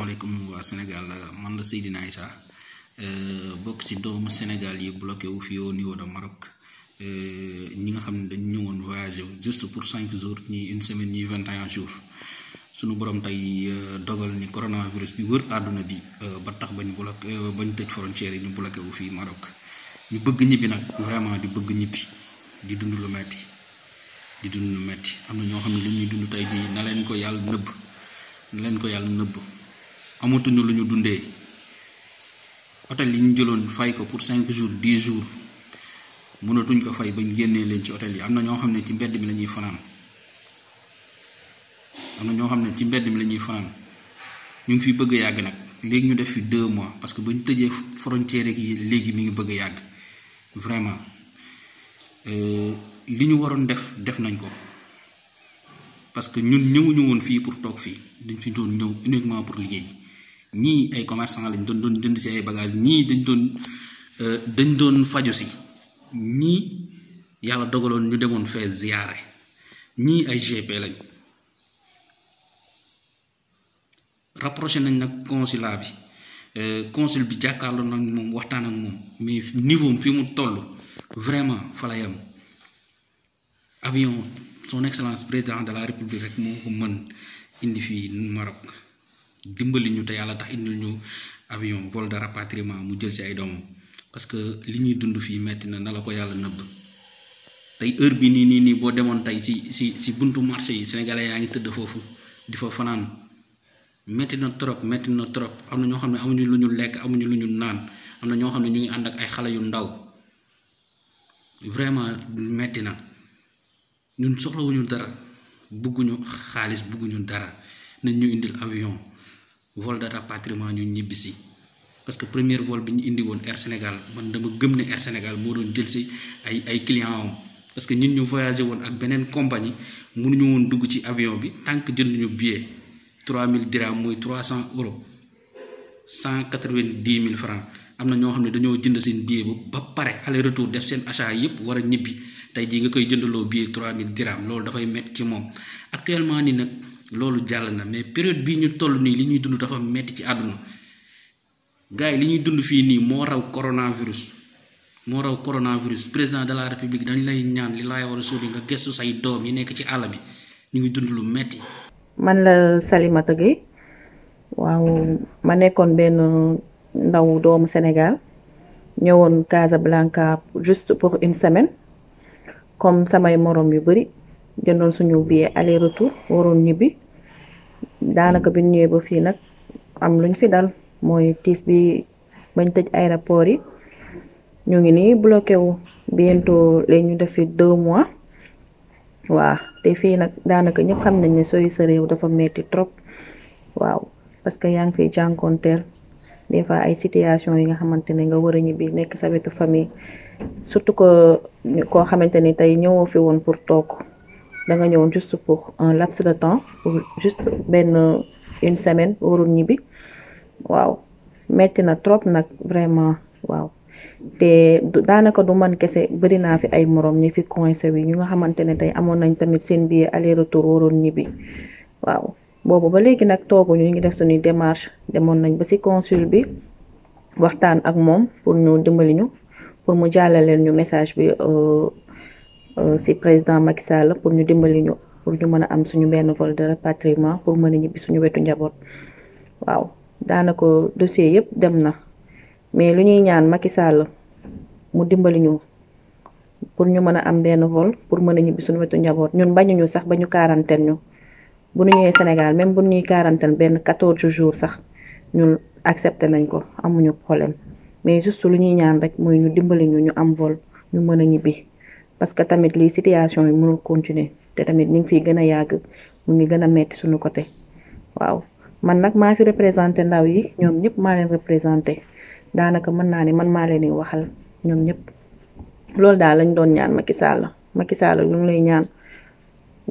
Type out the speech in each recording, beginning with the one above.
asalaamaaleykum waa Sénégal man la Seydina euh bok ci doomu senegal yi bloqué wu fi au niveau de Maroc ñi nga xamne ne dañ ñëwoon voyager juste pour 5 jours ni une semaine ni 21 jours suñu borom tay eh, dogal ni coronavirus bi wër aduna bi eh, ba tax bañ bloqué eh, bañ tej frontière yi ñu bloqué wu fi Maroc ñu bëgg ñibi nak vraiment di bëgg ñibi di dund lu metti di dund lu metti amna ño xamne xam li ñuy dund tay jii na leen ko yalla neub na leen ko yalla nëbb amatuñu lu ñu dundee hôtel yi ñu jëloon fay ko pour cinq jours dix jours mënatuñ ko fay ba ñu génnee leen ci hôtel yi am na ñoo xam ne ci mbedd mi lañuy fanaan am na ñoo xam ne ci mbedd mi la ñuy fanaan ñu ngi fi bëgg a yàgg nag léegi ñu def fi deux mois parce que bañ tëjee frontière yi léegi mi ngi bëgg a yàgg vraiment euh, li ñu waroon def def nañ ko parce que ñun ñëwuñu woon fii pour toog fii dañ fi doon ñëw uniquement pour liggéey. ñii ay commerçant lañ doon doon dënd ci ay bagage ñii dañ doon euh, dañ doon fajo si ñii yalla dogalon ñu demone fee ziaré ñii ay gp lañ rapprocher nañ nak consulat bi euh consul bi jakarlo nak mom waxtaan ak mom mais niveau fi mu toll vraiment fa la yam avion son excellence président de la république rek moo ko mën indi fi Maroc dimbali ñu te yalla tax indil ñu avion vol de rapatriement mu jël si ay doom parce que li ñuy dund fi metti na nala ko yalla neub tay heure bi ni ni ni bo demone tay si si si buntu marché yi sénégalais yaa ngi tëdd foofu di fa fanaan metti na trop metti na trop amna ño xamne amuñu luñu lek amuñu luñu naan amna ño xamne ñu ngi ànd ak ay yu ndaw vraiment metti na ñun wuñu dara bugguñu bugguñu dara nañ ñu indil avion vol de rapatriement ñu ñibbi si parce que premier vol bi ñu indi woon Air Sénégal man dama gëm ne Air Sénégal moo doon jël si ay ay clients am parce que ñun ñu voyagé woon ak beneen compagnie mënuñu woon dugg ci avion bi tant que jënduñu billet 3000 dirham mooy 300 euros 190 mille francs am na ñoo xam ne dañoo jënd seen billet ba pare aller retour def seen achat yëpp war a ñibbi tey jii nga koy jëndaloo billet 3000 dirham loolu dafay métti ci moom loolu jàll na mais période bii ñu toll nii li ñuy dund dafa metti ci àdduna gars yi li ñuy dund fii nii moo raw coronavirus moo raw coronavirus président de la république dañ lay ñaan li laay war a sori nga gëstu say doom yi nekk ci àll bi ñu ngi dund lu metti man la Salimata Gueye waaw ma nekkoon benn ndaw doomu senegal ñëwoon Casablanca juste pour une semaine comme samay morom yu bari jëndoon suñu billet aller retour waroon ñibbi daanaka bi ñu ñëwee ba fii nag am luñ fi dal mooy tiis bi bañ tëj aéroport yi ñu ngi nii bloqué wu bientôt léegi ñu def fi deux mois waaw te fii nag daanaka ñëpp xam nañ ne sori sa réew dafa metti trop waaw parce que yaa ngi fiy jànkonteel des fois ay situation yi nga xamante ne nga war a ñibbi nekk sa wetu famille surtout que koo xamante ni tey ñëwoo fi woon pour toog da nga ñëw juste pour un laps de temps pour juste ben une semaine warul ñibi waaw metti na trop nag vraiment waaw té danaka du man kessé bari na fi ay morom ñi fi coincé wi ñu nga xamante tay amon nañ tamit seen bi aller retour warul ñibi waaw boobu ba légui nak togu ñu ngi def suñu démarche demoon nañ ba ci consul bi waxtaan ak mom pour ñu dimbali ñu pour mu jàllaleen ñu message bi euh Euh, si président Macky Sall pour ñu dimbali ñu pour ñu mën a am suñu benn vol de rapatriement pour mën a ñibbi suñu wetu njaboot waaw daanako dossier yëpp dem na mais lu ñuy ñaan Macky Sall mu dimbali ñu pour ñu mën a am benn vol pour mën a ñibbi suñu wetu njaboot ñun bañuñu sax ba ñu quarantaine ñu bu nu ñëwee Sénégal même bu ñuy quarantaine benn quatorze jours sax ñun accepté nañ ko amuñu problème mais juste lu ñuy ñaan rek mooy ñu dimbali ñu ñu am vol ñu mën a ñibbi. parce que tamit lii situation yu mënul continuer te tamit ñu ngi fiy gën a yàgg mu ngi gën a metti suñu côté waaw man nag maa fi représenté ndaw yi ñoom ñëpp maa leen représenté daanaka mën naa ne man maa leen di waxal ñoom ñëpp loolu daal lañ doon ñaan Macky Sall Macky Sall ñu ngi lay ñaan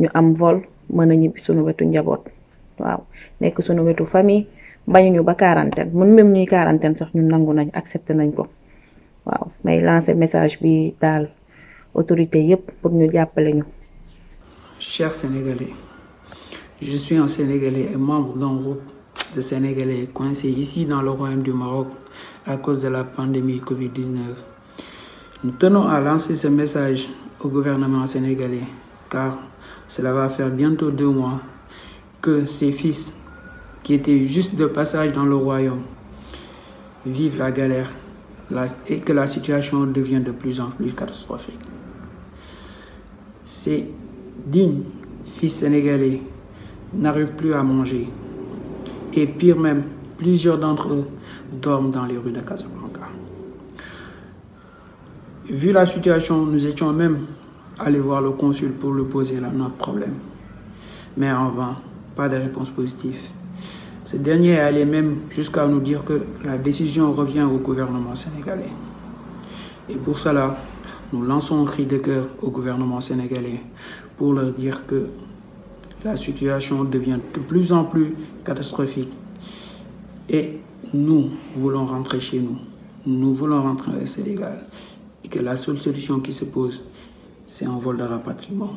ñu am vol mën a ñibbi suñu wetu njaboot waaw nekk suñu wetu famille bañuñu ba quarantaine mun même ñuy quarantaine sax ñun nangu nañ accepté nañ ko waaw may lancer Autorité pour nous appeler. Chers Sénégalais, je suis un Sénégalais et membre d'un groupe de Sénégalais coincé ici dans le royaume du Maroc à cause de la pandémie Covid-19. Nous tenons à lancer ce message au gouvernement sénégalais car cela va faire bientôt deux mois que ses fils, qui étaient juste de passage dans le royaume, vivent la galère et que la situation devient de plus en plus catastrophique. Ces dignes fils sénégalais n'arrivent plus à manger. Et pire même, plusieurs d'entre eux dorment dans les rues de Casablanca. Vu la situation, nous étions même allés voir le consul pour lui poser notre problème. Mais en vain, pas de réponse positive. Ce dernier est allé même jusqu'à nous dire que la décision revient au gouvernement sénégalais. Et pour cela, nous lançons un cri de cœur au gouvernement sénégalais pour leur dire que la situation devient de plus en plus catastrophique et nous voulons rentrer chez nous. Nous voulons rentrer au Sénégal et que la seule solution qui se pose, c'est un vol de rapatriement.